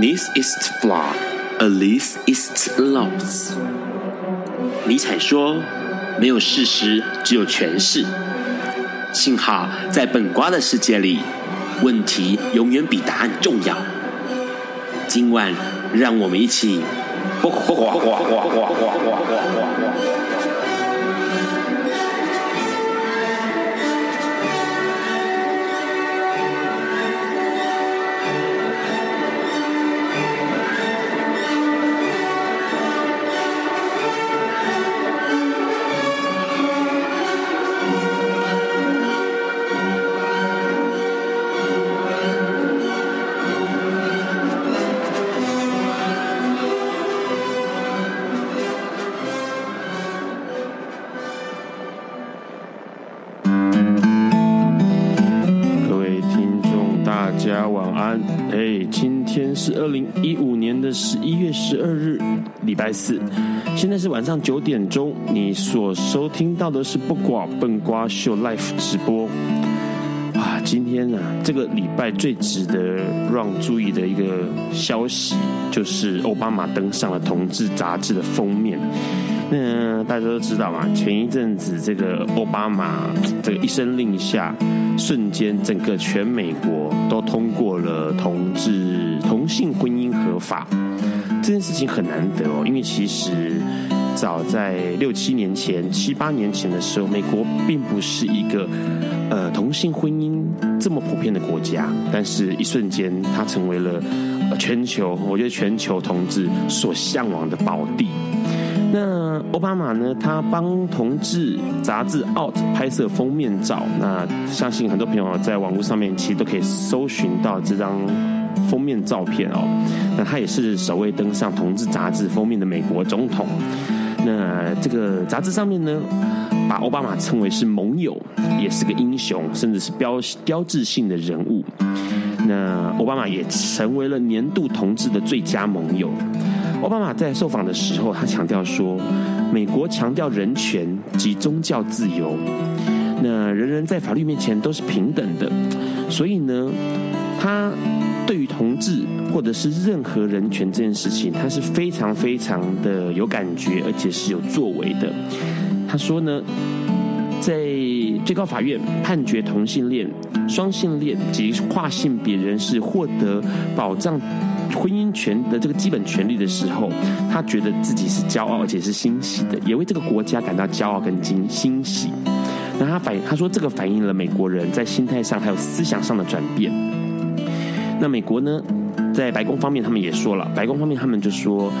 This is flawed, at least it's false。尼采說：“沒有事實，只有詮釋。”幸好在本瓜的世界裡，問題永遠比答案重要。今晚，讓我們一起。 一五年的十一月十二日，禮拜四，現在是晚上九點鐘。你所收聽到的是不寡笨瓜秀 Life 直播。啊，今天啊，這個禮拜最值得讓注意的一個消息，就是奧巴馬登上了《同志》雜誌的封面。那大家都知道嘛，前一陣子這個奧巴馬這個一聲令下，瞬間整個全美國都通過了同志。同性婚姻合法這件事情很難得哦，因為其實早在六七年前，七八年前的時候，美國並不是一個呃同性婚姻這麼普遍的國家，但是一瞬間，它成為了，呃，全球，我覺得全球同志所向往的寶地。那奧巴馬呢，他幫《同志》雜誌 Out 拍攝封面照，那相信很多朋友在網絡上面其實都可以搜尋到這張。封面照片哦，那他也是首位登上《同志》雜誌封面的美國總統。那這個雜誌上面呢，把奧巴馬稱為是盟友，也是個英雄，甚至是標標誌性的人物。那奧巴馬也成為了年度《同志》的最佳盟友。奧巴馬在受訪的時候，他強調說，美國強調人權及宗教自由，那人人在法律面前都是平等的。所以呢，他。對於同志或者是任何人權這件事情，他是非常非常的有感覺，而且是有作為的。他說呢，在最高法院判決同性戀、雙性戀及跨性別人士獲得保障婚姻權的這個基本權利的時候，他覺得自己是驕傲，而且是欣喜的，也為這個國家感到驕傲跟欣欣喜。那他反映他說，這個反映了美國人在心態上還有思想上的轉變。那美國呢，在白宮方面，他們也說了，白宮方面他們就說，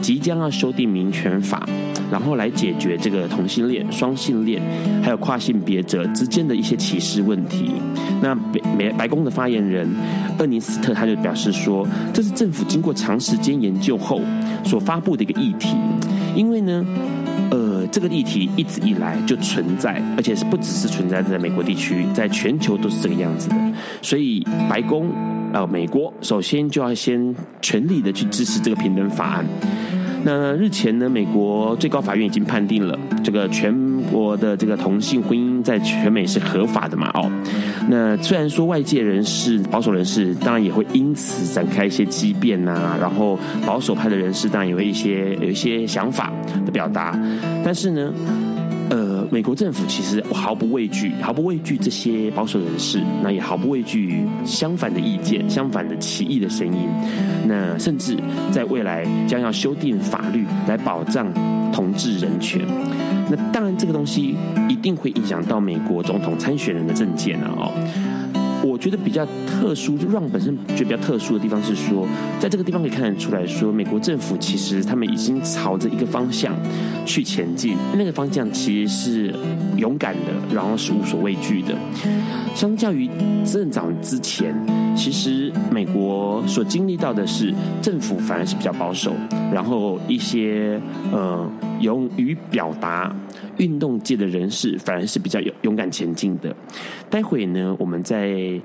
即將要修訂民權法，然後來解決這個同性戀、雙性戀還有跨性別者之間的一些歧視問題。那白美白宮的發言人厄尼斯特他就表示說，這是政府經過長時間研究後所發布的一個議題，因為呢，呃，這個議題一直以來就存在，而且是不只是存在在美國地區，在全球都是這個樣子的，所以白宮。呃，美國首先就要先全力的去支持這個平等法案。那日前呢，美國最高法院已經判定了這個全國的這個同性婚姻在全美是合法的嘛？哦，那雖然說外界人士、保守人士當然也會因此展開一些激辯吶，然後保守派的人士當然也有一些有一些想法的表達，但是呢。呃，美國政府其實毫不畏懼，毫不畏懼這些保守人士，那也毫不畏懼相反的意見、相反的歧義的聲音，那甚至在未來將要修訂法律來保障同志人權。那當然，這個東西一定會影響到美國總統參選人的政見哦。我覺得比較特殊，就讓本身覺得比較特殊的地方是說，在這個地方可以看得出來說，美國政府其實他們已經朝着一個方向去前進，那個方向其實是勇敢的，然後是無所畏懼的，相較於政長之前。其實美國所經歷到的是，政府反而是比較保守，然後一些呃勇於表達運動界的人士反而是比較勇勇敢前進的。待會呢，我們再。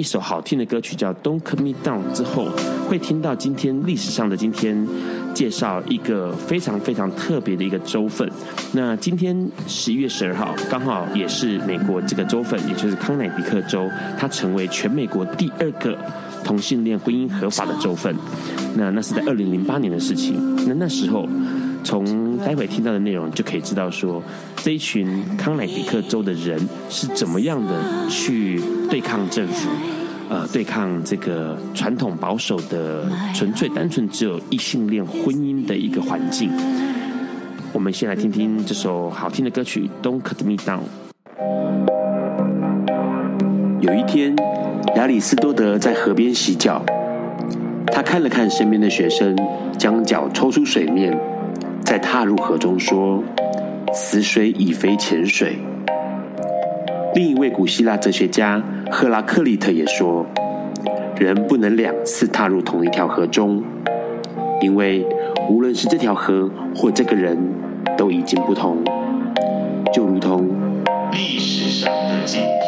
一首好聽的歌曲叫《Don't Cut Me Down》之後，會聽到今天歷史上的今天，介紹一個非常非常特別的一個州份。那今天十一月十二號，剛好也是美國這個州份，也就是康乃狄克州，它成為全美國第二個同性戀婚姻合法的州份。那那是在二零零八年的事情。那那時候。從待會聽到的內容就可以知道說，說這一群康乃狄克州的人是怎麼樣的去對抗政府，呃，對抗這個傳統保守的、純粹單純只有異性戀婚姻的一個環境。我們先來聽聽這首好聽的歌曲《Don't Cut Me Down》。有一天，亞里斯多德在河邊洗腳，他看了看身邊的學生，將腳抽出水面。在踏入河中說，此水已非前水。另一位古希臘哲學家赫拉克利特也說，人不能兩次踏入同一條河中，因為無論是這條河或這個人，都已經不同。就如同歷史上的記憶。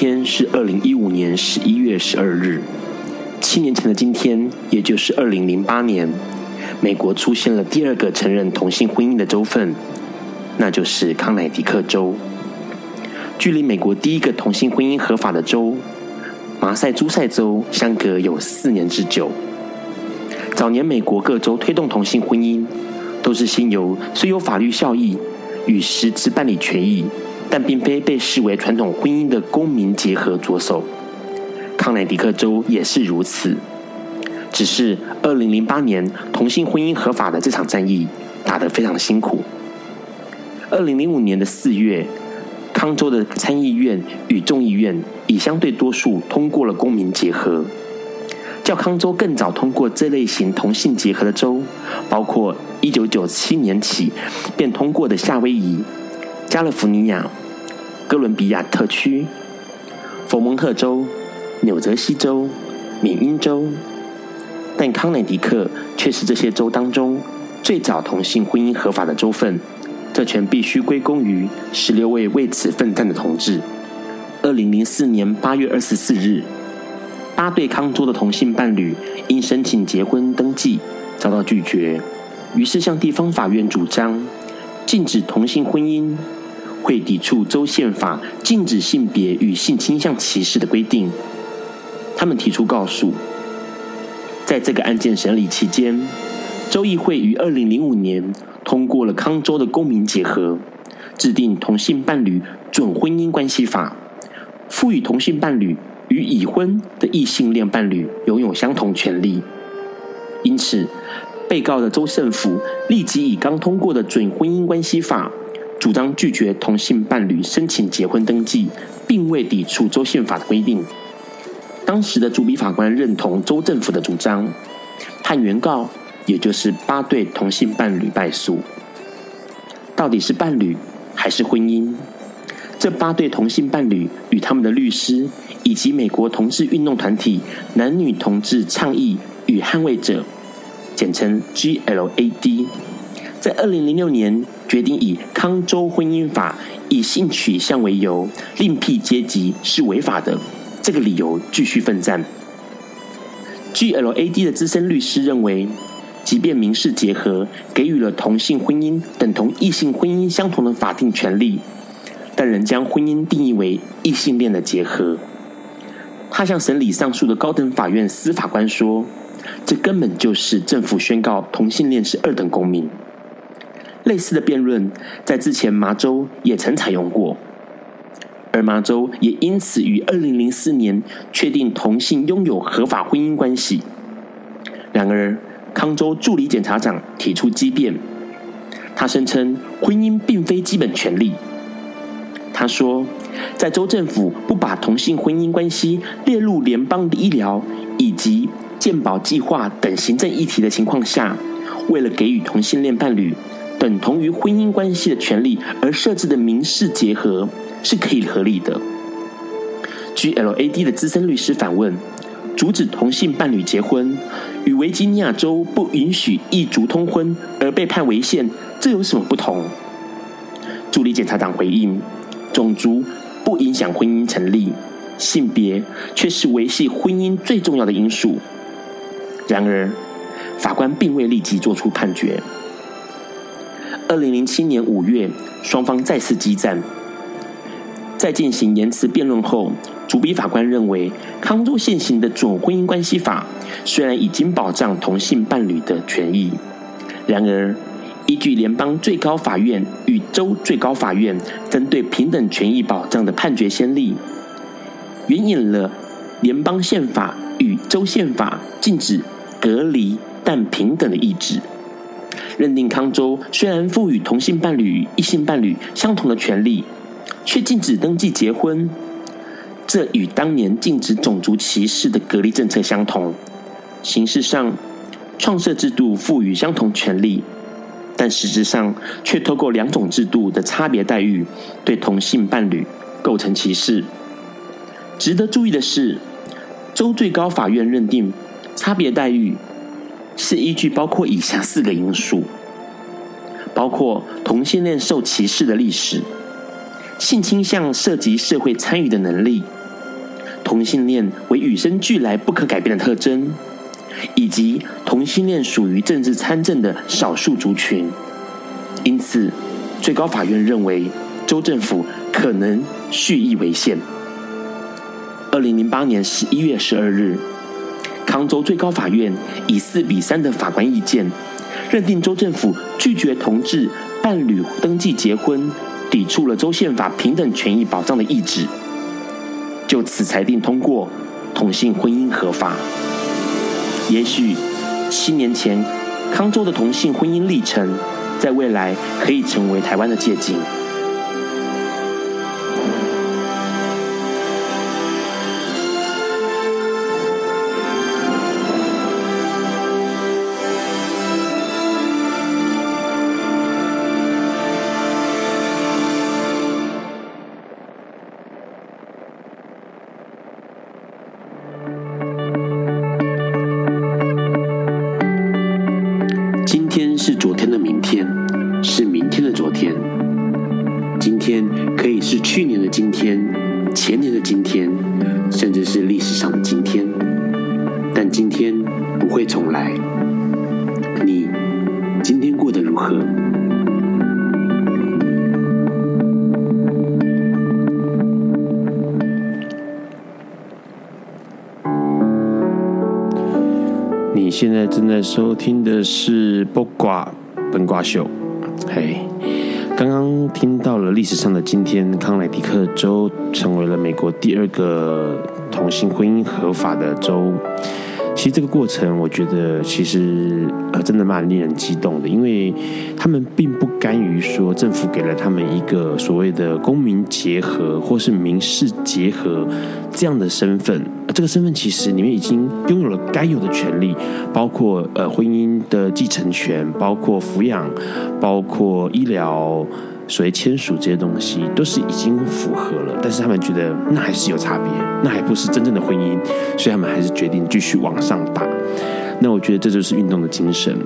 天是二零一五年十一月十二日，七年前的今天，也就是二零零八年，美國出現了第二個承認同性婚姻的州份，那就是康乃狄克州，距離美國第一個同性婚姻合法的州，麻塞諸塞州相隔有四年之久。早年美國各州推動同性婚姻，都是先由雖有法律效益與實質辦理權益，但並非被視為傳統婚姻的公民結合着手，康乃狄克州也是如此。只是二零零八年同性婚姻合法的這場戰役打得非常辛苦。二零零五年的四月，康州的參議院與眾議院以相對多數通過了公民結合。較康州更早通過這類型同性結合的州，包括一九九七年起便通過的夏威夷。加利福尼亞、哥倫比亞特區、佛蒙特州、紐澤西州、緬因州，但康乃迪克卻是這些州當中最早同性婚姻合法的州份。這全必須歸功於十六位為此奮戰的同志。二零零四年八月二十四日，八對康州的同性伴侶因申請結婚登記遭到拒絕，於是向地方法院主張禁止同性婚姻。會抵觸州憲法禁止性別與性傾向歧視的規定。他們提出告訴，在這個案件審理期間，州議會於二零零五年通過了康州的公民結合，制定同性伴侶準婚姻關係法，賦予同性伴侶與已婚的異性戀伴侶擁有相同權利。因此，被告的州政府立即以剛通過的準婚姻關係法。主張拒絕同性伴侶申請結婚登記，並未抵觸州憲法的規定。當時的主筆法官認同州政府的主張，判原告，也就是八對同性伴侶敗訴。到底是伴侶還是婚姻？這八對同性伴侶與他們的律師以及美國同志運動團體男女同志倡議與捍衛者（簡稱 GLAD） 在二零零六年。決定以康州婚姻法以性取向為由另闢階級是違法的，這個理由繼續奮戰。GLAD 的資深律師認為，即便民事結合給予了同性婚姻等同異性婚姻相同的法定權利，但仍將婚姻定義為異性戀的結合。他向審理上訴的高等法院司法官說：“這根本就是政府宣告同性戀是二等公民。”類似的辯論在之前麻州也曾採用過，而麻州也因此於二零零四年確定同性擁有合法婚姻關係。然而，康州助理檢察長提出激辯，他聲稱婚姻並非基本權利。他說，在州政府不把同性婚姻關係列入聯邦的醫療以及健保計劃等行政議題的情況下，為了給予同性戀伴侶，等同於婚姻關係的權利而設置的民事結合是可以合理的。GLAD 的資深律師反問：阻止同性伴侶結婚與維吉尼亞州不允許異族通婚而被判違憲，這有什麼不同？助理檢察長回應：種族不影響婚姻成立，性別卻是維繫婚姻最重要的因素。然而，法官並未立即作出判決。二零零七年五月，雙方再次激戰。在進行言辭辯論後，主筆法官認為，康州現行的準婚姻關係法雖然已經保障同性伴侶的權益，然而依據聯邦最高法院與州最高法院針對平等權益保障的判決先例，援引了聯邦憲法與州憲法禁止隔離但平等的意志。認定康州雖然賦予同性伴侶、異性伴侶相同的權利，卻禁止登記結婚，這與當年禁止種族歧視的隔離政策相同。形式上創設制度賦予相同權利，但實質上卻透過兩種制度的差別待遇，對同性伴侶構成歧視。值得注意的是，州最高法院認定差別待遇。是依據包括以下四個因素，包括同性戀受歧視的歷史、性傾向涉及社會參與的能力、同性戀為與生俱來不可改變的特徵，以及同性戀屬於政治參政的少數族群。因此，最高法院認為州政府可能蓄意違憲。二零零八年十一月十二日。康州最高法院以四比三的法官意見，認定州政府拒絕同志伴侶登記結婚，抵觸了州憲法平等權益保障的意志。就此裁定通過，同性婚姻合法。也許七年前康州的同性婚姻歷程，在未來可以成為台灣的借鏡。你現在正在收聽的是《卜卦本卦秀》，嘿，剛剛聽到了歷史上的今天，康乃狄克州成為了美國第二個同性婚姻合法的州。其實這個過程，我覺得其實呃，真的蠻令人激動的，因為他們並不甘於說政府給了他們一個所謂的公民結合或是民事結合這樣的身份，呃、這個身份其實你們已經擁有了該有的權利，包括呃婚姻的繼承權，包括撫養，包括醫療。所謂簽署這些東西，都是已經符合了，但是他們覺得那還是有差別，那還不是真正的婚姻，所以他們還是決定繼續往上打。那我覺得這就是運動的精神。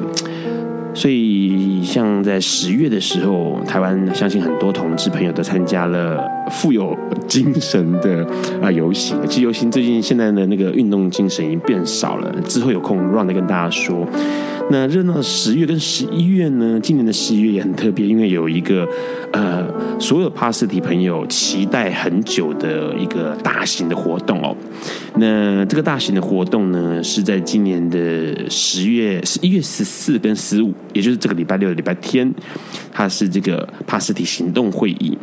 所以，像在十月的時候，台灣相信很多同志朋友都參加了富有精神的啊遊行。其實遊行最近現在的那個運動精神已經變少了，之後有空 run 的跟大家說。那熱鬧的十月跟十一月呢，今年的十一月也很特別，因為有一個呃，所有帕斯堤朋友期待很久的一個大型的活動哦。那這個大型的活動呢，是在今年的十月十一月十四跟十五。也就是這個禮拜六的禮拜天，他是這個帕斯堤行動會議。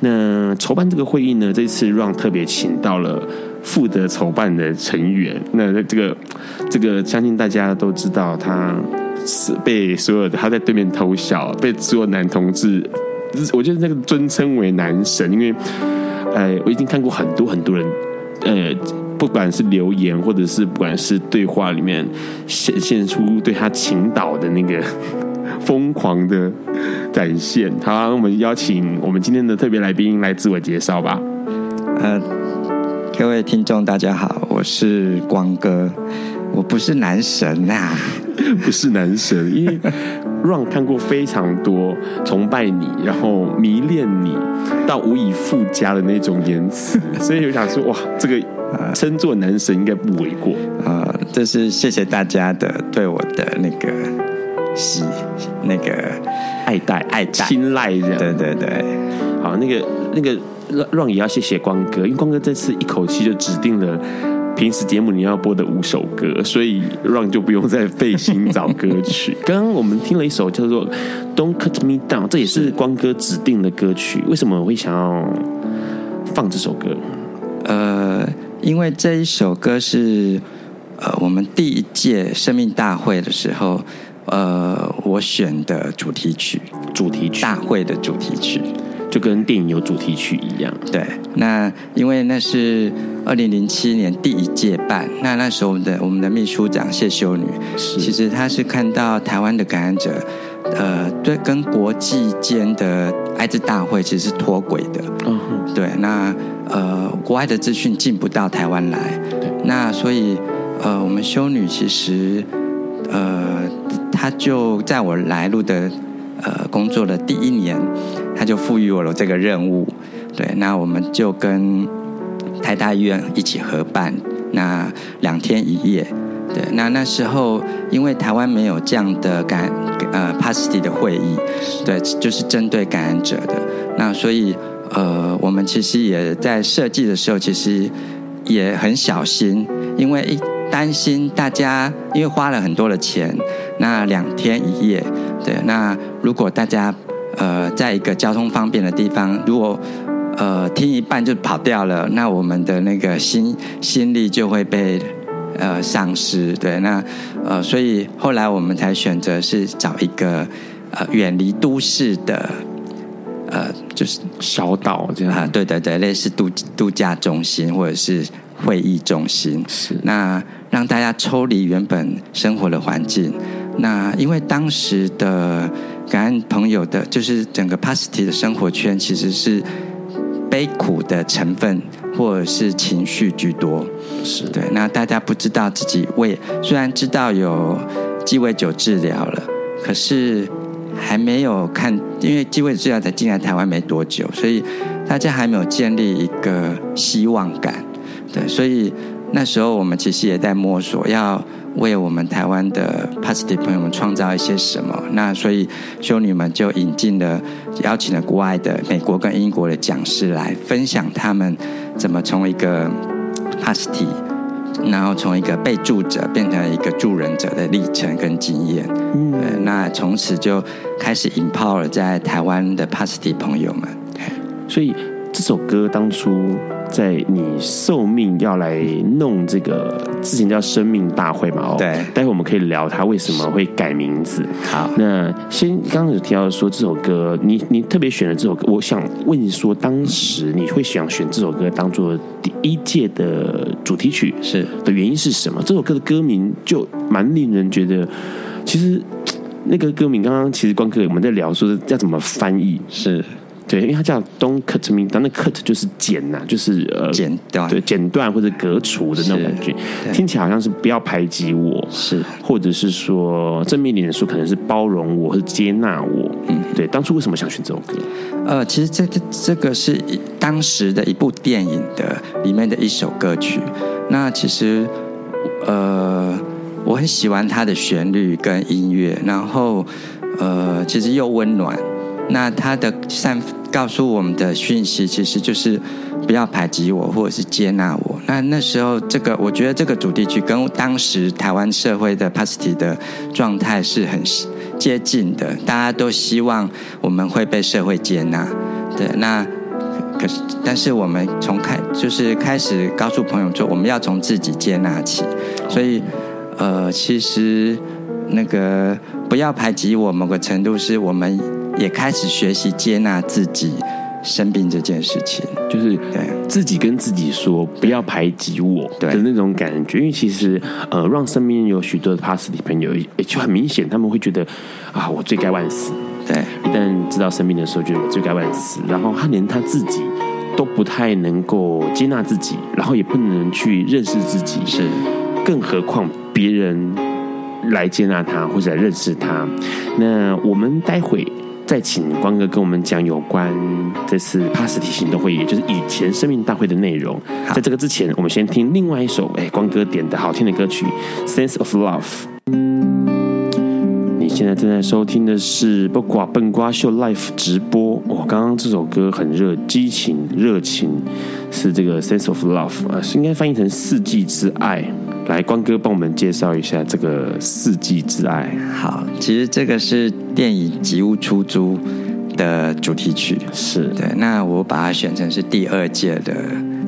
那籌辦這個會議呢，這次讓特別請到了負責籌辦的成員。那這個這個，相信大家都知道，他是被所有他在對面偷笑，被所有男同志，我覺得那個尊稱為男神。因為，呃、哎，我已經看過很多很多人，呃。不管是留言，或者是不管是對話裡面顯現出對他傾倒的那個瘋狂的展現，好，啊，我們邀請我們今天的特別來賓來自我介紹吧。呃，各位聽眾大家好，我是光哥，我不是男神吶，啊， 不是男神，因為 run 看過非常多，崇拜你，然後迷戀你到無以復加的那種言辭，所以我就想說哇，這個。呃，稱作男神應該不為過啊。呃，這是謝謝大家的對我的那個喜、那個愛戴、愛戴青睞的。對對對，好，那個那個 Ron 也要謝謝光哥，因為光哥這次一口氣就指定了平時節目你要播的五首歌，所以 Ron 就不用再費心找歌曲。 剛剛我們聽了一首叫做《Don't Cut Me Down》，這也是光哥指定的歌曲。是為什麼我會想要放這首歌？呃。因為這一首歌是，呃，我們第一屆生命大會的時候，呃，我選的主題曲，主題曲，大會的主題曲，就跟電影有主題曲一樣。對，那因為那是二零零七年第一屆辦，那那時候我們的我們的秘書長謝修女，是其實她是看到台灣的感染者，呃，對，跟國際間的艾滋大會其實是脫軌的，哦、哼對，那呃。國外的資訊進不到台灣來，那所以呃，我們修女其實呃，她就在我來露德的、呃工作的第一年，她就賦予我了這個任務，對，那我們就跟台大醫院一起合辦，那兩天一夜，對，那那時候因為台灣沒有這樣的感呃帕斯堤的會議，對，就是針對感染者的，那所以。呃，我們其實也在設計的時候，其實也很小心，因為一擔心大家，因為花了很多的錢，那兩天一夜，對，那如果大家呃在一個交通方便的地方，如果呃聽一半就跑掉了，那我們的那個心心力就會被呃喪失，對，那呃所以後來我們才選擇是找一個呃遠離都市的。呃，就是小島，就哈、啊，對對對，類似度度假中心或者是會議中心，是那讓大家抽離原本生活的環境。嗯、那因為當時的感恩朋友的，就是整個帕斯堤的生活圈其實是悲苦的成分或者是情緒居多，是對。那大家不知道自己為，雖然知道有雞尾酒治療了，可是。還沒有看，因為機會之家在進來台灣沒多久，所以大家還沒有建立一個希望感。對，所以那時候我們其實也在摸索，要為我們台灣的帕斯堤朋友們創造一些什麼。那所以修女們就引進了，邀請了國外的美國跟英國的講師來分享他們怎麼從一個帕斯堤。然後從一個被助者變成一個助人者的歷程跟經驗，嗯、呃，那從此就開始 empower 在台灣的帕斯堤朋友們，所以這首歌當初。在你受命要來弄這個之前叫生命大會嘛？哦，對，待會我們可以聊他為什麼會改名字。好，那先剛剛有提到說這首歌，你你特別選了這首歌，我想問你說，當時你會想選這首歌當做第一屆的主題曲是的原因是什麼？是這首歌的歌名就蠻令人覺得，其實那個歌名剛剛其實光哥我們在聊說是要怎麼翻譯是。對，因為它叫 "Don't Cut Me"，但那 "Cut" 就是剪吶、啊，就是呃，剪斷。對，剪斷或者割除的那種感覺。聽起來好像是不要排擠我，是，或者是說正面一點的說，可能是包容我或者接納我。嗯，對，當初為什麼想選這首歌？呃，其實這這這個是當時的一部電影的裡面的一首歌曲。那其實呃，我很喜歡它的旋律跟音樂，然後呃，其實又溫暖。那他的善告訴我們的訊息，其實就是不要排擠我，或者是接納我。那那時候，這個我覺得這個主題曲跟當時台灣社會的帕斯堤的狀態是很接近的。大家都希望我們會被社會接納，對。那可是，但是我們從開就是開始告訴朋友說，我們要從自己接納起。所以，呃，其實那個不要排擠我某個程度是我們。也開始學習接納自己生病這件事情，就是對自己跟自己說對不要排擠我的那種感覺。對因為其實呃，讓身邊有許多的帕斯堤朋友，也就很明顯，他們會覺得啊，我罪該萬死。對，一旦知道生病的時候，覺得我罪該萬死。然後他連他自己都不太能夠接納自己，然後也不能去認識自己，是，更何況別人來接納他或者來認識他。那我們待會。再請光哥跟我們講有關這次帕斯堤行動會議，就是以前生命大會的內容。好在這個之前，我們先聽另外一首，哎、欸，光哥點的好聽的歌曲《Sense of Love》。現在正在收聽的是不掛笨瓜秀 Live 直播我、哦、剛剛這首歌很熱，激情熱情，是這個 Sense of Love 啊、呃，是應該翻譯成四季之愛。來，光哥幫我們介紹一下這個四季之愛。好，其實這個是電影《吉屋出租》的主題曲。是的，那我把它選成是第二屆的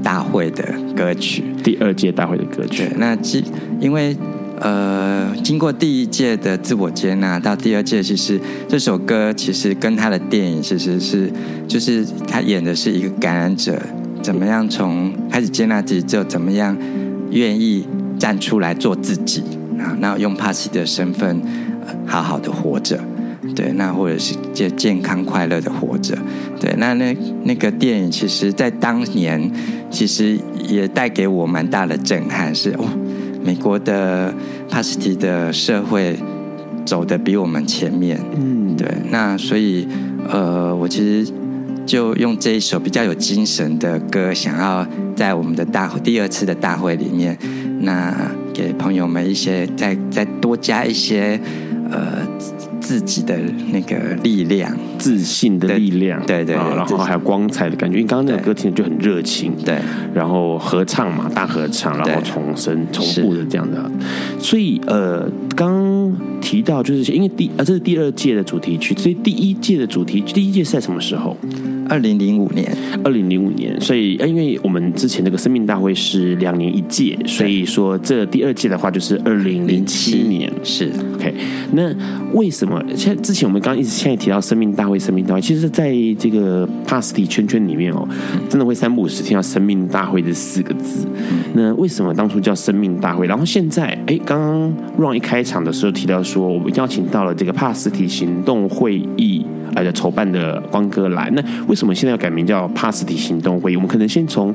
大會的歌曲。第二屆大會的歌曲。那其因為。呃，經過第一屆的自我接納，到第二屆，其實這首歌其實跟他的電影其實是，就是他演的是一個感染者，怎麼樣從開始接納自己之後，就怎麼樣願意站出來做自己啊，然後用帕斯的身份好好的活着，對，那或者是健健康快樂的活着，對，那那那個電影，其實在當年其實也帶給我蠻大的震撼，是、哦美國的帕斯堤的社會走得比我們前面，嗯、對，那所以呃，我其實就用這一首比較有精神的歌，想要在我們的大會第二次的大會裡面，那給朋友們一些，再再多加一些呃。自己的那個力量，自信的力量，對，對對，對、啊，然後還有光彩的感覺。對因為剛剛那個歌聽的就很熱情，對。然後合唱嘛，大合唱，然後重生，對重複的這樣的。是所以呃，剛提到就是因為第呃、啊、這是第二屆的主題曲，所以第一屆的主題，第一屆是在什麼時候？二零零五年，二零零五年。所以、呃、因為我們之前那個生命大會是兩年一屆，對所以說這第二屆的話就是二零零七年。是 OK。那為什麼？之前我們剛剛一直現在提到生命大會，生命大會，其實是在這個帕斯堤圈圈裡面哦，真的會三不五時聽到“生命大會”這四個字。那為什麼當初叫生命大會？然後現在，哎，剛剛 Ron 一開場的時候提到說，我們邀請到了這個帕斯堤行動會議，而且籌辦的光哥來。那為什麼現在要改名叫帕斯堤行動會議？我們可能先從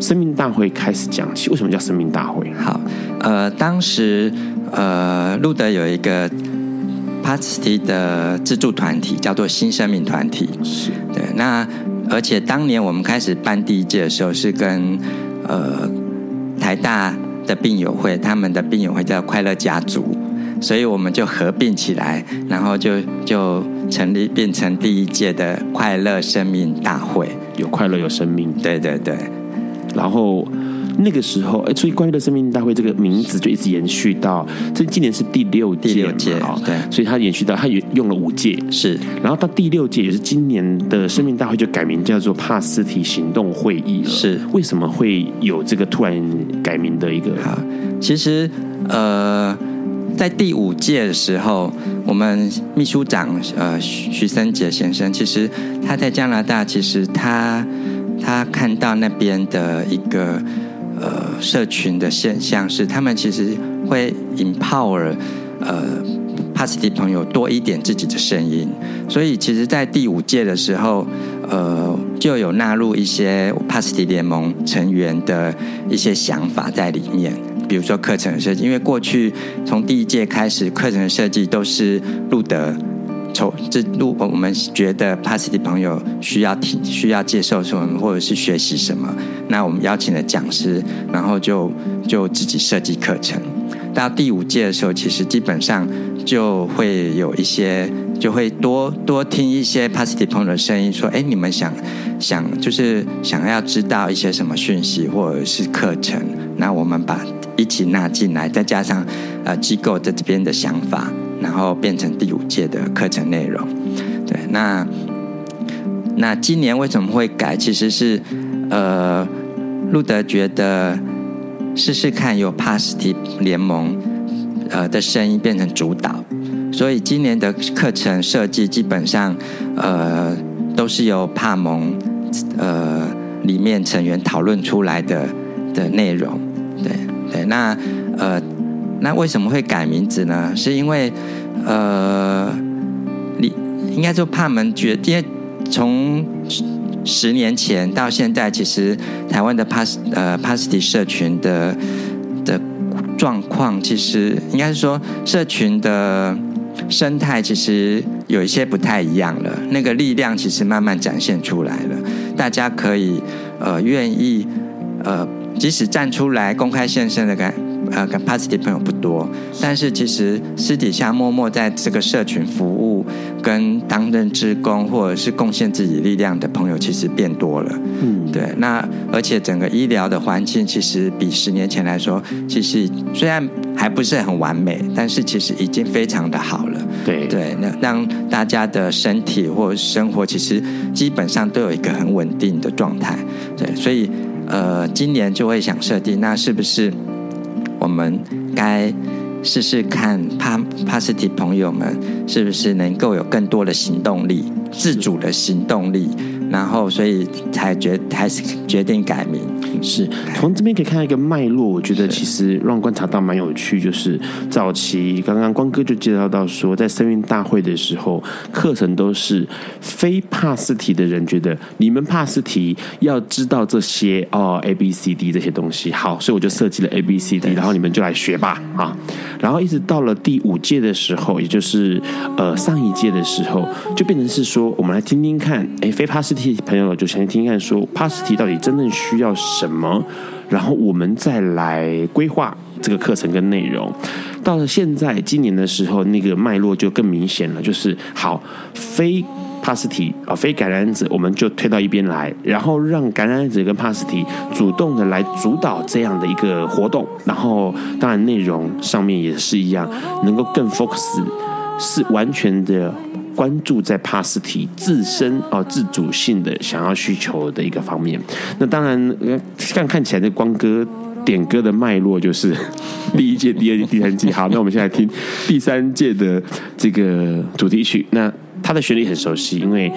生命大會開始講起。為什麼叫生命大會？好，呃，當時，呃，路德有一個。帕斯堤的自助團體叫做新生命團體，是，對。那而且當年我們開始辦第一屆的時候，是跟呃台大的病友會，他們的病友會叫快樂家族，所以我們就合併起來，然後就就成立變成第一屆的快樂生命大會，有快樂有生命，對對對，然後。那個時候，哎、欸，所以快樂生命大會這個名字就一直延續到這，所以今年是第六屆,第六屆對，所以他延續到他也用了五屆，是。然後到第六屆也是今年的生命大會就改名叫做帕斯堤行動會議了。是，為什麼會有這個突然改名的一個？其實，呃，在第五屆的時候，我們秘書長呃徐徐森杰先生，其實他在加拿大，其實他他看到那邊的一個。呃，社群的現象是，他們其實會 empower 呃，帕斯堤朋友多一點自己的聲音。所以，其實，在第五屆的時候，呃，就有納入一些帕斯堤聯盟成員的一些想法在裡面。比如說課程的設計，因為過去從第一屆開始，課程的設計都是露德。從這路，如果我們覺得帕斯堤朋友需要聽、需要接受什麼，或者是學習什麼，那我們邀請了講師，然後就就自己設計課程。到第五屆的時候，其實基本上就會有一些，就會多多聽一些帕斯堤朋友的聲音，說：“哎，你們想想，就是想要知道一些什麼訊息，或者是課程。”那我們把一起納進來，再加上呃機構在這邊的想法。然後變成第五屆的課程內容，對，那那今年為什麼會改？其實是呃，路德覺得試試看由帕斯堤聯盟呃的聲音變成主導，所以今年的課程設計基本上呃都是由帕盟呃裡面成員討論出來的的內容，對對，那呃。那為什麼會改名字呢？是因為，呃，你應該說怕門絕，因為從十年前到現在，其實台灣的帕斯呃帕斯堤社群的的狀況，其實應該是說社群的生態，其實有一些不太一樣了。那個力量其實慢慢展現出來了，大家可以呃願意呃，即使站出來公開現身的感呃，capacity 朋友不多，但是其實私底下默默在這個社群服務、跟擔任志工或者是貢獻自己力量的朋友，其實變多了。嗯，對。那而且整個醫療的環境，其實比十年前來說，其實雖然還不是很完美，但是其實已經非常的好了。對對，那讓大家的身體或生活，其實基本上都有一個很穩定的狀態。對，所以呃，今年就會想設定，那是不是？我們該試試看，帕帕斯堤朋友們是不是能夠有更多的行動力，自主的行動力。然後，所以才決還是決定改名。是從這邊可以看到一個脈絡，我覺得其實讓觀察到蠻有趣，就是早期剛剛光哥就介紹到說，在生命大會的時候，課程都是非帕斯堤的人覺得你們帕斯堤要知道這些哦，a b c d 這些東西。好，所以我就設計了 a b c d，然後你們就來學吧啊。然後一直到了第五屆的時候，也就是呃上一屆的時候，就變成是說，我們來聽聽看，誒，非帕斯堤朋友就先聽，聽看說，說帕斯堤到底真正需要什麼，然後我們再來規劃這個課程跟內容。到了現在今年的時候，那個脈絡就更明顯了，就是好非。帕斯堤啊，非感染者我們就推到一邊來，然後讓感染者跟帕斯堤主動的來主導這樣的一個活動。然後，當然內容上面也是一樣，能夠更 focus，是完全的關注在帕斯堤自身哦自主性的想要需求的一個方面。那當然，看看起來的光哥點歌的脈絡就是第一屆、第二屆、第三屆。好，那我們現在聽第三屆的這個主題曲。那。它的旋律很熟悉，因為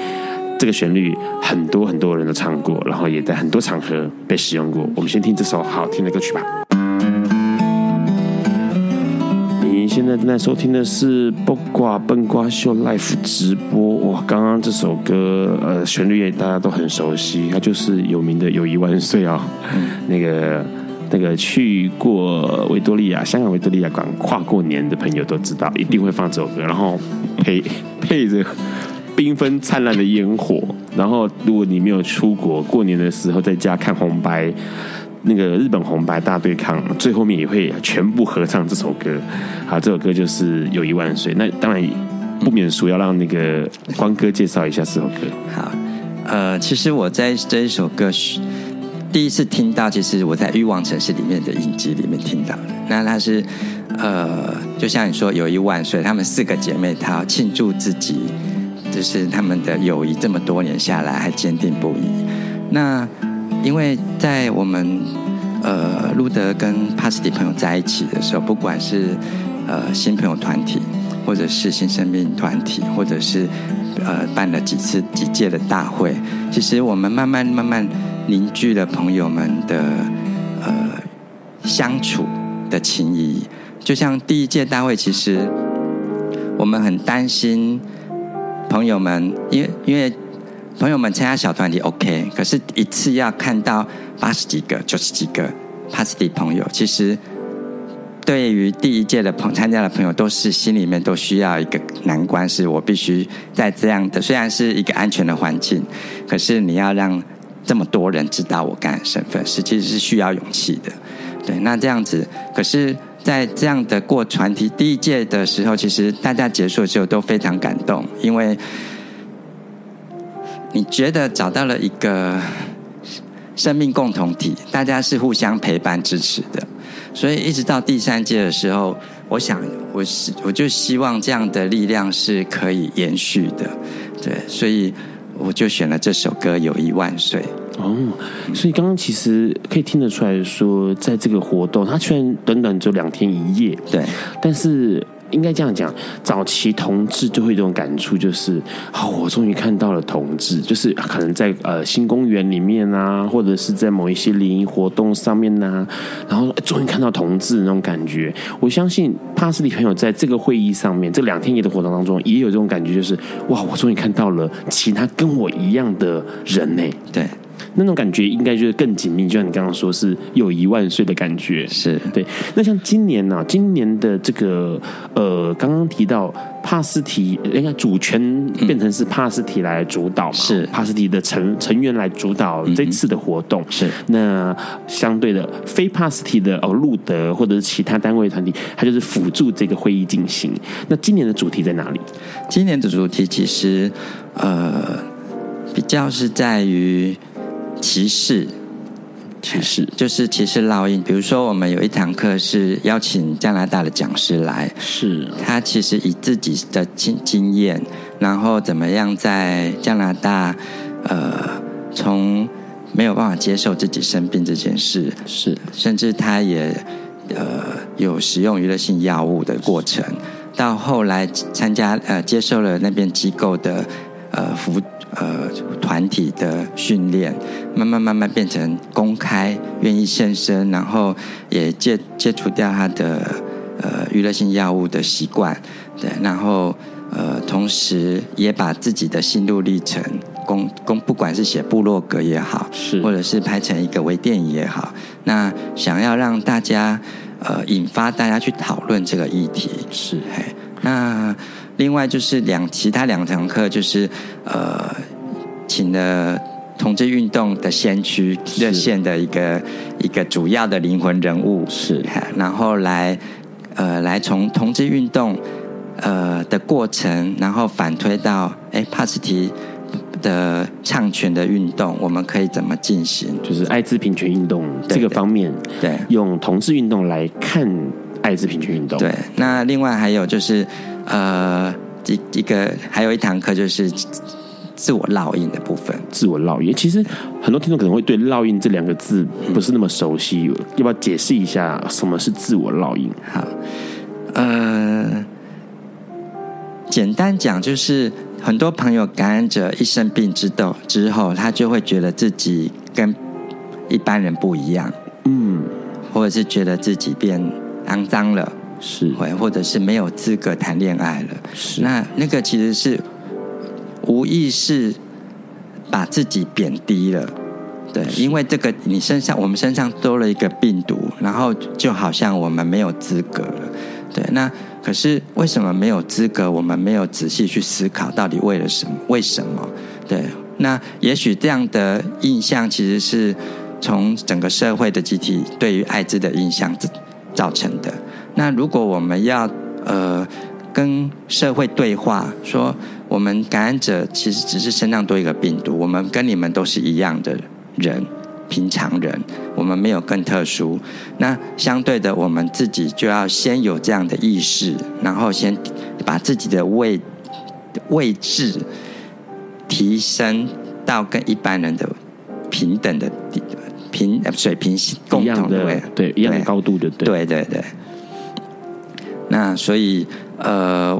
這個旋律很多很多人都唱過，然後也在很多場合被使用過。我們先聽這首好聽的歌曲吧。你，嗯，現在正在收聽的是卜卦崩瓜秀 Live 直播。哇，剛剛這首歌，呃，旋律大家都很熟悉，它就是有名的《友誼萬歲》哦，啊，那個。那個去過維多利亞，香港維多利亞港跨過年的朋友都知道，一定會放這首歌，然後配配着繽紛燦爛的煙火。然後，如果你沒有出國過年的時候，在家看紅白，那個日本紅白大對抗，最後面也會全部合唱這首歌。好，這首歌就是《友誼萬歲》。那當然不免俗，要讓那個光哥介紹一下這首歌。好，呃，其實我在這一首歌是第一次聽到，其實我在《欲望城市》裡面的影集裡面聽到的。那他是，呃，就像你說，友誼萬歲。她們四個姐妹，她要慶祝自己，就是他們的友誼這麼多年下來還堅定不移。那因為在我們呃路德跟帕斯堤朋友在一起的時候，不管是呃新朋友團體，或者是新生命團體，或者是呃辦了幾次幾屆的大會，其實我們慢慢慢慢。凝聚了朋友們的呃相處的情誼，就像第一屆大會，其實我們很擔心朋友們，因為因為朋友們參加小團體 OK，可是一次要看到八十幾個、九十幾個帕斯堤朋友，其實對於第一屆的朋參加的朋友，都是心裡面都需要一個難關，是我必須在這樣的，雖然是一個安全的環境，可是你要讓。這麼多人知道我個人身份，是其實是需要勇氣的。對，那這樣子，可是在這樣的過團體第一屆的時候，其實大家結束的時候都非常感動，因為你覺得找到了一個生命共同體，大家是互相陪伴支持的。所以一直到第三屆的時候，我想，我是我就希望這樣的力量是可以延續的。對，所以。我就選了這首歌《友誼萬歲》哦，所以剛剛其實可以聽得出來說，在這個活動，它雖然短短就兩天一夜，對，但是。應該這樣講，早期同志就會有這種感觸，就是好、哦，我終於看到了同志，就是可能在呃新公園裡面啊，或者是在某一些聯誼活動上面呢、啊，然後終於看到同志那種感覺。我相信帕斯堤朋友在這個會議上面這兩天一夜的活動當中，也有這種感覺，就是哇，我終於看到了其他跟我一樣的人呢、欸。對。那種感覺應該就是更緊密，就像你剛剛說，是友誼萬歲的感覺。是對。那像今年呢、啊，今年的這個呃，剛剛提到帕斯提，人家主權變成是帕斯提來主導嘛，嗯、是帕斯提的成成員來主導這次的活動。嗯嗯，是那相對的非帕斯提的哦，路德或者是其他單位團體，它就是輔助這個會議進行。那今年的主題在哪裡？今年的主題其實呃，比較是在於。歧視，歧視就是歧視烙印。比如說，我們有一堂課是邀請加拿大的講師來，是他其實以自己的經經驗，然後怎麼樣在加拿大，呃，從沒有辦法接受自己生病這件事，是，甚至他也呃有使用娛樂性藥物的過程，是到後來參加呃接受了那邊機構的呃輔。呃，團體的訓練，慢慢慢慢變成公開，願意現身，然後也戒戒除掉他的呃娛樂性藥物的習慣，對，然後呃，同時也把自己的心路歷程公公，不管是寫部落格也好，是，或者是拍成一個微電影也好，那想要讓大家呃引發大家去討論這個議題，是嘿，那。另外就是兩其他兩堂課就是呃，請了同志運動的先驅熱線的一個是一個主要的靈魂人物是，哈，然後來呃來從同志運動呃的過程，然後反推到哎帕斯堤的倡權的運動，我們可以怎麼進行？就是艾滋平權運動，對對這個方面，對用同志運動來看。愛滋平均運動。對，那另外還有就是，呃，一一個還有一堂課就是自我烙印的部分。自我烙印，其實很多聽眾可能會對“烙印”這兩個字不是那麼熟悉，嗯、要不要解釋一下什麼是自我烙印？好，呃，簡單講就是，很多朋友感染者一生病之後之後，他就會覺得自己跟一般人不一樣，嗯，或者是覺得自己變。骯髒了，是，或或者是沒有資格談戀愛了，是。那那個其實是無意識把自己貶低了，對，是因為這個你身上，我們身上多了一個病毒，然後就好像我們沒有資格了。對。那可是為什麼沒有資格？我們沒有仔細去思考，到底為了什麼？為什麼？對。那也許這樣的印象，其實是從整個社會的集體對於艾滋的印象。造成的。那如果我們要呃跟社會對話，說我們感染者其實只是身上多一個病毒，我們跟你們都是一樣的人，平常人，我們沒有更特殊。那相對的，我們自己就要先有這樣的意識，然後先把自己的位位置提升到跟一般人的平等的。平水平共同，的對一樣，對對一樣高度的對，對對對。那所以呃，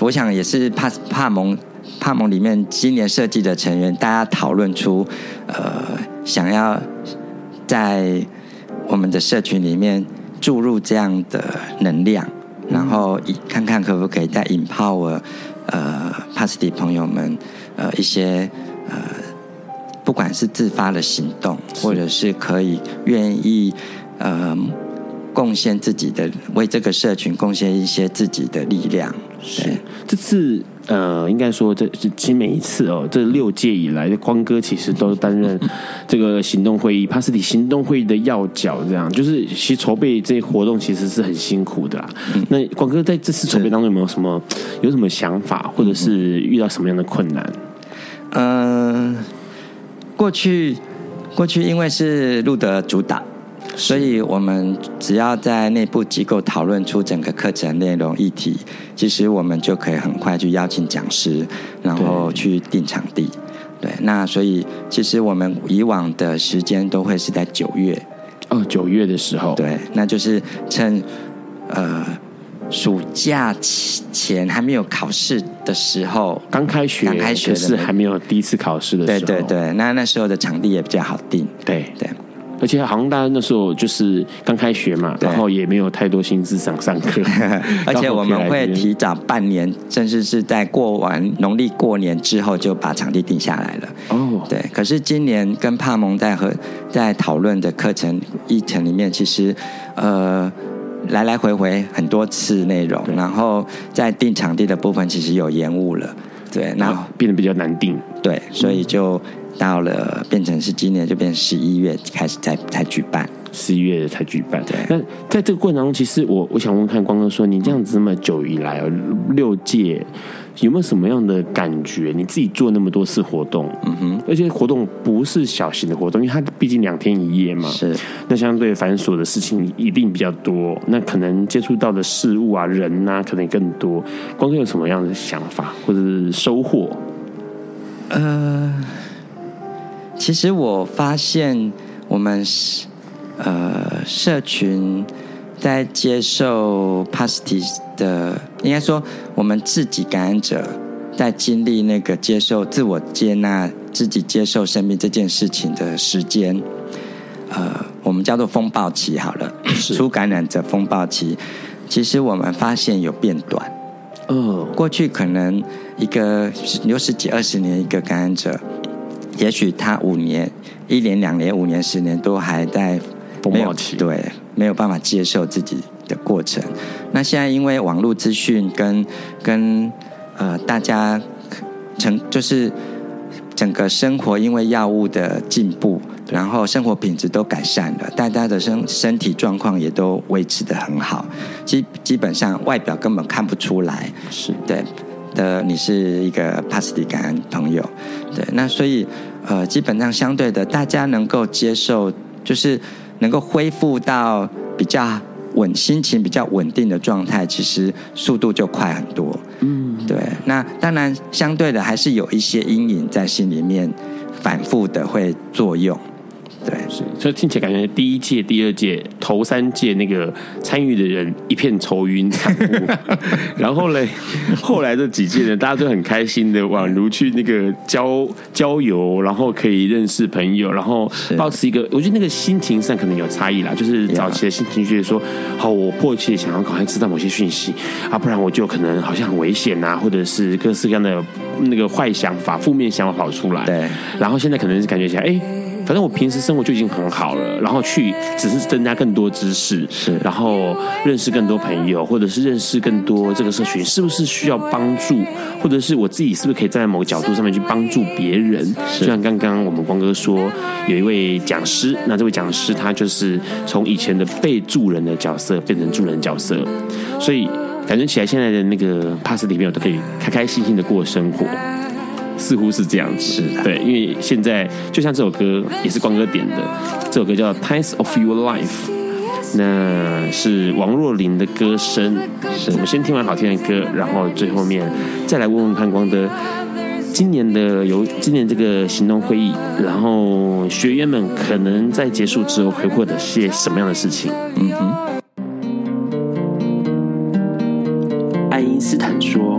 我想也是帕帕蒙帕蒙裡面今年設計的成員，大家討論出呃，想要在我們的社群裡面注入這樣的能量，嗯、然後看看可不可以再引爆我呃帕斯堤朋友們呃一些呃。不管是自發的行動，是或者是可以願意，呃，貢獻自己的，為這個社群貢獻一些自己的力量。是這次呃，應該說，這其實每一次哦，這六屆以來，光哥其實都擔任這個行動會議、嗯、帕斯堤行動會議的要角，這樣就是其實籌備這些活動其實是很辛苦的啦、啊。嗯、那光哥在這次籌備當中有沒有什麼是有什麼想法，或者是遇到什麼樣的困難？嗯，嗯。呃過去，過去因為是路德主導，是所以我們只要在內部機構討論出整個課程內容議題，其實我們就可以很快去邀請講師，然後去定場地。對,對,對，那所以其實我們以往的時間都會是在九月，哦，九月的時候，對，那就是趁呃暑假前還沒有考試。的時候，剛開學，開學，是還沒有第一次考試的時候。對對對，那那時候的場地也比較好定。對對，對而且航空的時候就是剛開學嘛，對然後也沒有太多心思想上課， 而且我們會提早半年，甚至是在過完農曆過年之後就把場地定下來了。哦，對，可是今年跟帕蒙在和在討論的課程議程裡面，其實呃。來來回回很多次內容，對然後在定場地的部分其實有延誤了，對，那後變得比較難定，對，所以就到了變成是今年就變十一月開始才才舉辦。十一月才舉辦，那對在這個過程當中，其實我我想問，看光哥說，你這樣子這麼久以來，嗯、六屆有沒有什麼樣的感覺？你自己做那麼多次活動，嗯哼，而且活動不是小型的活動，因為它畢竟兩天一夜嘛，是。那相對繁瑣的事情一定比較多，那可能接觸到的事物啊、人啊，可能更多。光哥有什麼樣的想法或者是收穫？呃，其實我發現我們是。呃，社群在接受 pasties 的，應該說我們自己感染者在經歷那個接受自我接納、自己接受生命這件事情的時間，呃，我們叫做風暴期好了，是初感染者風暴期。其實我們發現有變短，呃、哦，過去可能一個有十幾、二十年一個感染者，也許他五年、一年、兩年、五年、十年都還在。沒有對，沒有辦法接受自己的過程。那現在因為網絡資訊跟跟呃大家成就是整個生活，因為藥物的進步，然後生活品質都改善了，大家的身身體狀況也都維持得很好，基基本上外表根本看不出來。是對的，你是一個帕斯堤感染朋友。對，那所以呃基本上相對的，大家能夠接受就是。能夠恢復到比較穩，心情比較穩定的狀態，其實速度就快很多。嗯，對。那當然，相對的還是有一些陰影在心裡面反覆的會作用。對是，所以聽起來感覺第一屆、第二屆、頭三屆那個參與的人一片愁雲慘霧， 然後嘞，後來的幾屆呢，大家都很開心的，宛如去那個郊、郊遊，然後可以認識朋友，然後保持一個，是我覺得那個心情上可能有差異啦，就是早期的心情覺得說，Yeah. 好，我迫切想要趕快知道某些訊息啊，不然我就可能好像很危險吶、啊，或者是各式各樣的那個壞想法、負面想法跑出來，對，然後現在可能是感覺起來，哎、欸。反正我平時生活就已經很好了，然後去只是增加更多知識，是然後認識更多朋友，或者是認識更多這個社群，是不是需要幫助，或者是我自己是不是可以站在某個角度上面去幫助別人？是就像剛剛我們光哥說，有一位講師，那這位講師他就是從以前的被助人的角色變成助人的角色，所以感覺起來現在的那個帕斯堤，我都可以開開心心的過生活。似乎是這樣子，是對，因為現在就像這首歌也是光哥點的，這首歌叫《Times of Your Life》，那是王若琳的歌聲。的我們先聽完好聽的歌，然後最後面再來問問看光哥，今年的由今年這個行動會議，然後學員們可能在結束之後會獲得些什麼樣的事情？嗯哼。愛因斯坦說。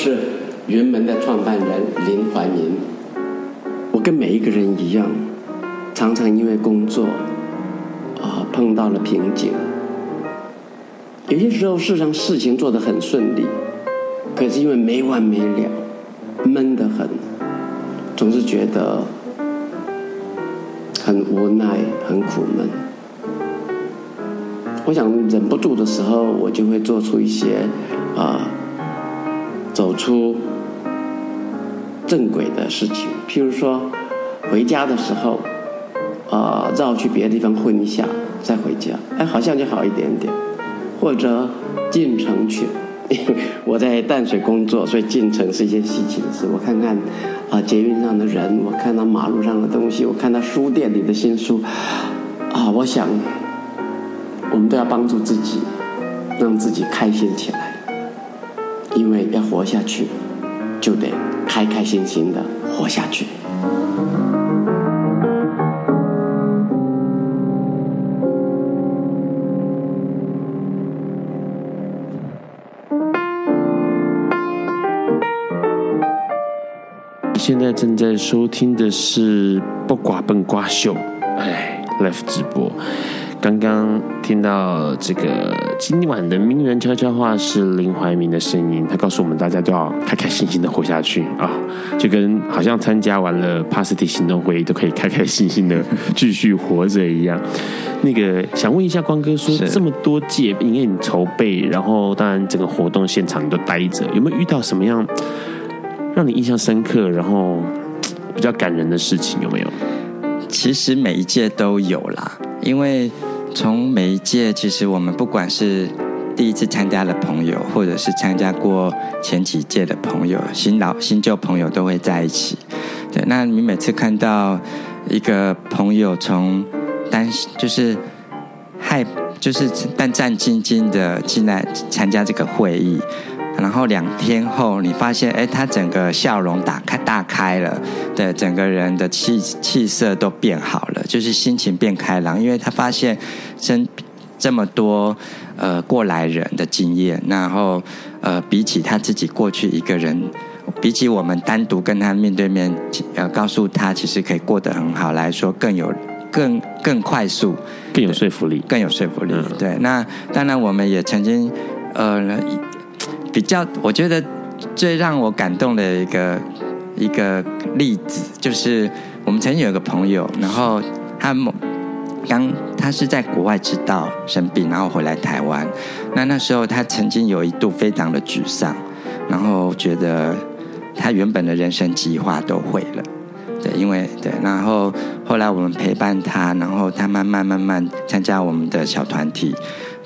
是雲門的創辦人林懷民。我跟每一個人一樣，常常因為工作啊碰到了瓶頸。有些時候，事實上事情做得很順利，可是因為沒完沒了，悶得很，總是覺得很無奈、很苦悶。我想忍不住的時候，我就會做出一些啊。走出正軌的事情，譬如說，回家的時候，呃，繞去別的地方混一下再回家，哎，好像就好一點點。或者進城去，我在淡水工作，所以進城是一件稀奇的事。我看看啊，呃，捷運上的人，我看到馬路上的東西，我看到書店裡的新書，啊，我想，我們都要幫助自己，讓自己開心起來。因為要活下去，就得開開心心的活下去。現在正在收聽的是《不瓜笨瓜秀》，哎，Live 直播。剛剛聽到這個今晚的名人悄悄話是林懷民的聲音，他告訴我們大家都要開開心心的活下去啊，就跟好像參加完了帕斯堤行動會議都可以開開心心的繼續活着一樣。 那個想問一下光哥說，說是這麼多屆因你籌備，然後當然整個活動現場都待着，有沒有遇到什麼樣讓你印象深刻，然後比較感人的事情有沒有？其實每一屆都有啦，因為。從每一屆，其實我們不管是第一次參加的朋友，或者是參加過前幾屆的朋友，新老新舊朋友都會在一起。對，那你每次看到一個朋友從單，就是害，就是戰戰兢兢的進來參加這個會議。然後兩天後，你發現，哎，他整個笑容，打開大開了，對，整個人的氣氣色都變好了，就是心情變開朗，因為他發現，從這麼多呃過來人的經驗，然後呃，比起他自己過去一個人，比起我們單獨跟他面對面，呃，告訴他其實可以過得很好來說更，更有更更快速更，更有說服力，更有說服力。對，那當然我們也曾經，呃。比較，我覺得最讓我感動的一個一個例子，就是我們曾經有一個朋友，然後他剛他是在國外知道生病，然後回來台灣。那那時候他曾經有一度非常的沮喪，然後覺得他原本的人生計劃都毀了。對，因為對，然後後來我們陪伴他，然後他慢慢慢慢參加我們的小團體，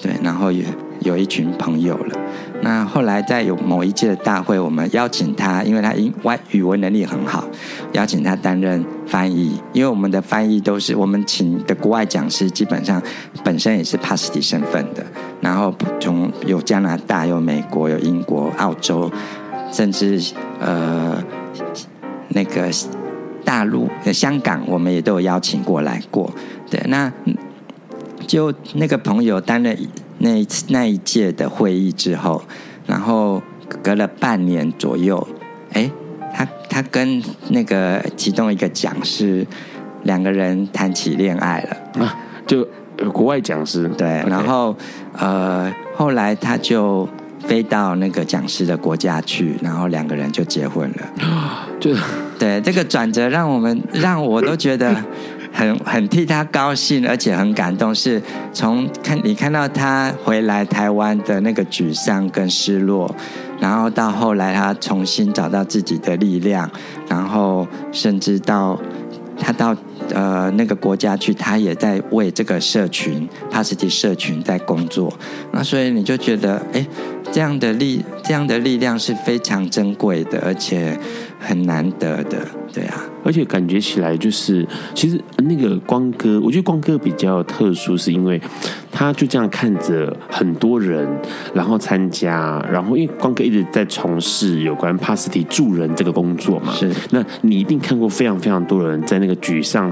對，然後也。有一群朋友了。那後來在有某一屆的大會，我們邀請他，因為他英外語文能力很好，邀請他擔任翻譯。因為我們的翻譯都是我們請的國外講師，基本上本身也是帕斯堤身份的。然後從有加拿大，有美國，有英國、澳洲，甚至呃那個大陸、香港，我們也都有邀請過來過。對，那就那個朋友擔任。那一次那一屆的會議之後，然後隔了半年左右，哎，他他跟那個其中一個講師兩個人談起戀愛了啊，就國外講師對，Okay. 然後呃，後來他就飛到那個講師的國家去，然後兩個人就結婚了啊，對就對，這個轉折讓我們讓我都覺得。 很很替他高興，而且很感動。是從看你看到他回來台灣的那個沮喪跟失落，然後到後來他重新找到自己的力量，然後甚至到他到。呃，那個國家去，他也在為這個社群、帕斯堤社群在工作。那所以你就覺得，哎，這樣的力、這樣的力量是非常珍貴的，而且很難得的，對啊。而且感覺起來就是，其實那個光哥，我覺得光哥比較特殊，是因為他就這樣看着很多人，然後參加，然後因為光哥一直在從事有關帕斯堤助人這個工作嘛。是，那你一定看過非常非常多人在那個沮喪。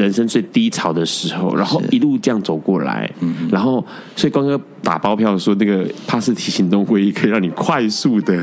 人生最低潮的時候，然後一路這樣走過來，嗯、然後所以光哥打包票說，那個帕斯堤行動會議可以讓你快速的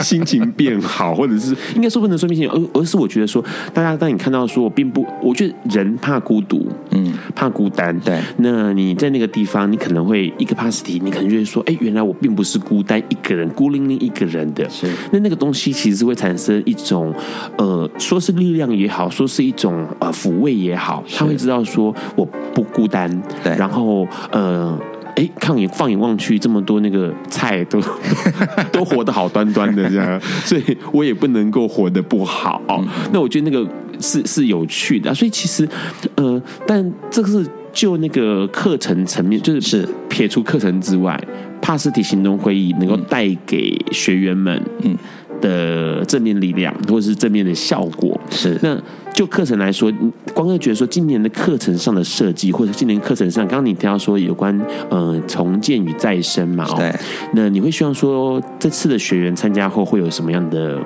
心情變好， 或者是應該說不能說明好，而而是我覺得說，大家當你看到說，我並不，我覺得人怕孤獨，嗯，怕孤單，對，那你在那個地方，你可能會一個帕斯堤，你可能就會說，哎、欸，原來我並不是孤單一個人，孤零零一個人的，是那那個東西其實會產生一種呃，說是力量也好，說是一種呃撫慰也好。也好，他會知道說我不孤單，對是，然後呃，哎，看你放眼望去，這麼多那個菜都 都活得好端端的這樣，所以我也不能夠活得不好。嗯嗯嗯，那我覺得那個是是有趣的，啊，所以其實呃，但這個是就那個課程層面，就是撇除課程之外，帕斯堤行動會議能夠帶給學員們，嗯。嗯的正面力量，或是正面的效果。是，那就課程來說，光哥覺得說，今年的課程上的設計，或者今年課程上，剛剛你提到說有關嗯、呃、重建與再生嘛，對哦，那你會希望說，這次的學員參加後會有什麼樣的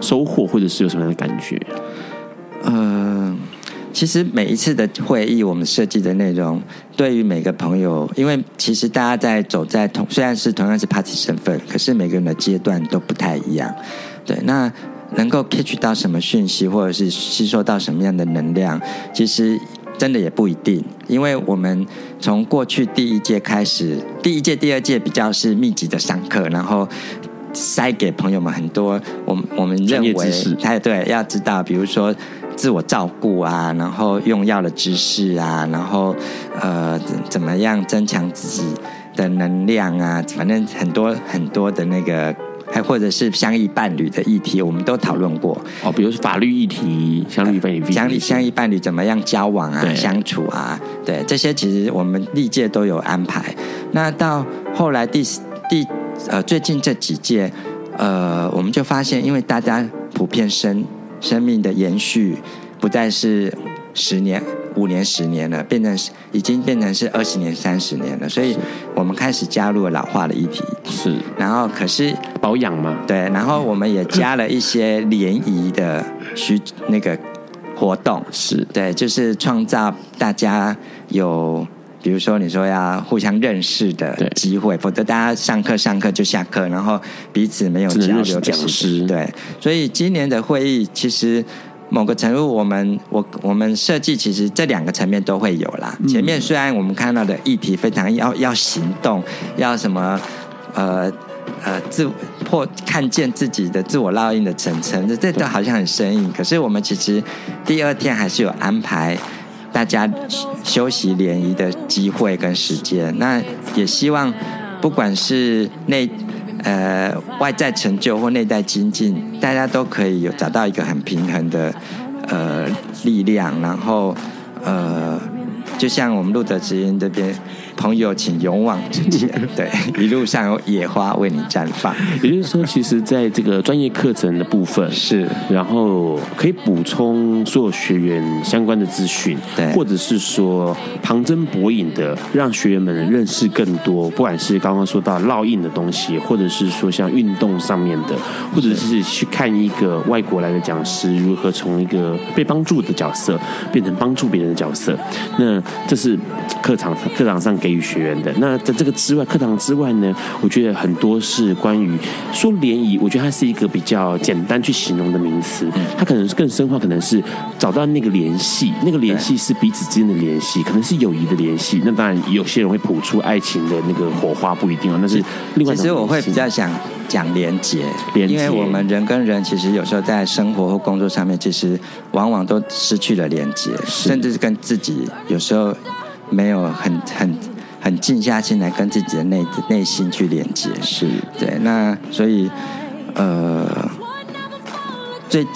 收穫，或者是有什麼樣的感覺？嗯、呃。其實每一次的會議，我們設計的內容對於每個朋友，因為其實大家在走在同，雖然是同樣是 party 身份，可是每個人的階段都不太一樣。對，那能夠 catch 到什麼訊息，或者是吸收到什麼樣的能量，其實真的也不一定。因為我們從過去第一屆開始，第一屆、第二屆比較是密集的上課，然後塞給朋友們很多。我我們認為，太對，要知道，比如說。自我照顧啊，然後用藥的知識啊，然後呃怎、怎麼樣增強自己的能量啊，反正很多很多的那個，還或者是相依伴侶的議題，我們都討論過。哦，比如說法律議題，相依伴侶，呃、相依、相依伴侶怎麼樣交往啊，對相處啊，對這些其實我們歷屆都有安排。那到後來第第呃最近這幾屆，呃，我們就發現，因為大家普遍生。生命的延續不再是十年、五年、十年了，變成已經變成是二十年、三十年了。所以，我們開始加入了老化的議題。是，然後可是保養嘛，對，然後我們也加了一些聯誼的需那個活動。是對，就是創造大家有。比如說，你說要互相認識的機會，對否則大家上課上課就下課，然後彼此沒有交流的時間，對，所以今年的會議其實某個程度我，我們我我們設計其實這兩個層面都會有啦。嗯、前面雖然我們看到的議題非常要要行動，要什麼呃呃自破看見自己的自我烙印的層層，這都好像很生硬。可是我們其實第二天還是有安排。大家休息聯誼的機會跟時間，那也希望不管是內呃外在成就或內在精進，大家都可以有找到一個很平衡的呃力量，然後呃，就像我們路德之音這邊。朋友，請勇往直前。對，一路上有野花為你綻放。 也就是說，其實在這個專業課程的部分是，然後可以補充所有學員相關的資訊，對，或者是說旁徵博引的，讓學員們認識更多。不管是剛剛說到烙印的東西，或者是說像運動上面的，或者是去看一個外國來的講師如何從一個被幫助的角色變成幫助別人的角色。那這是課堂課堂上。培育學員的那，在這個之外，課堂之外呢，我覺得很多是關於說聯誼。我覺得它是一個比較簡單去形容的名詞，嗯、它可能更深化，可能是找到那個聯繫，那個聯繫是彼此之間的聯繫，對可能是友誼的聯繫。那當然，有些人會譜出愛情的那個火花，不一定哦。那是另外。其實我會比較想講連接，連結因為我們人跟人其實有時候在生活或工作上面，其實往往都失去了連接，是甚至是跟自己有時候沒有很很。很靜下心來跟自己的內內心去連接，是對。那所以，呃，最，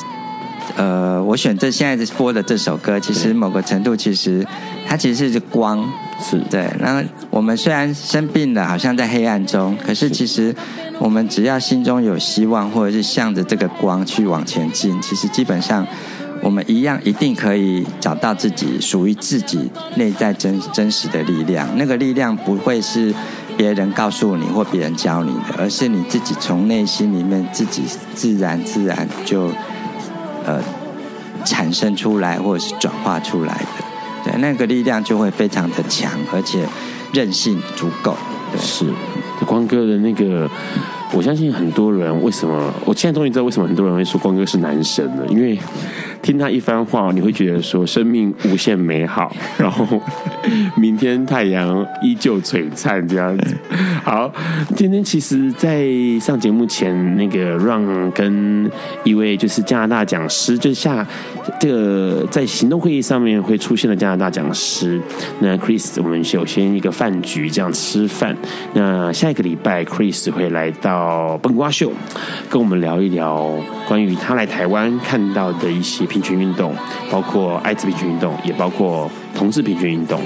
呃，我選擇現在在播的這首歌，其實某個程度，其實它其實是光，是對。那我們雖然生病了，好像在黑暗中，可是其實我們只要心中有希望，或者是向着這個光去往前進，其實基本上。我們一樣一定可以找到自己屬於自己內在真真實的力量。那個力量不會是別人告訴你或別人教你的，而是你自己從內心裡面自己自然自然就呃產生出來或者是轉化出來的。對，那個力量就會非常的強，而且韌性足夠。對是，光哥的那個，我相信很多人為什麼我現在終於知道為什麼很多人會說光哥是男神了，因為。聽他一番話，你會覺得說生命無限美好，然後明天太陽依舊璀璨這樣子。好，今天其實，在上節目前，那個 Run 跟一位就是加拿大講師，就是、下這個在行動會議上面會出現的加拿大講師，那 Chris，我們首先一個飯局這樣吃飯。那下一個禮拜，Chris 會來到笨瓜秀，跟我們聊一聊關於他來台灣看到的一些。平均運動，包括艾滋平均運動，也包括同志平均運動。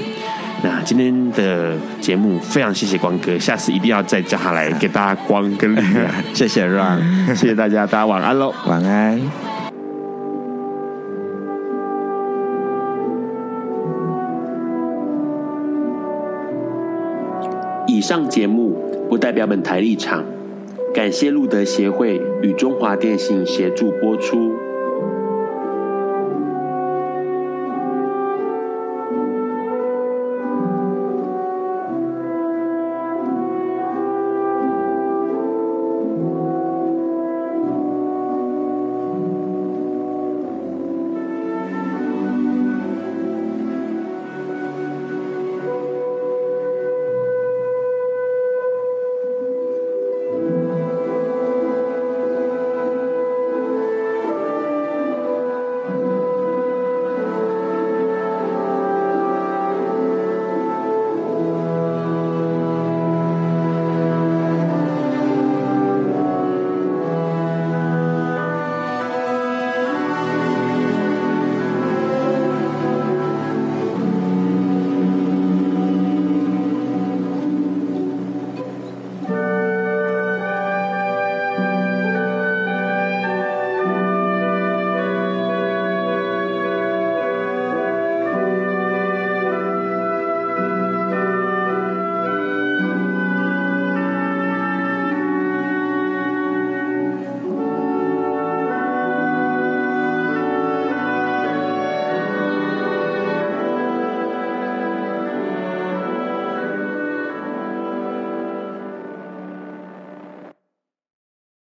那今天的節目非常謝謝光哥，下次一定要再加來給大家光個臉。 謝謝 run， 謝謝大家，大家晚安嘍，晚安。以上節目不代表本台立場，感謝路德協會與中華電信協助播出。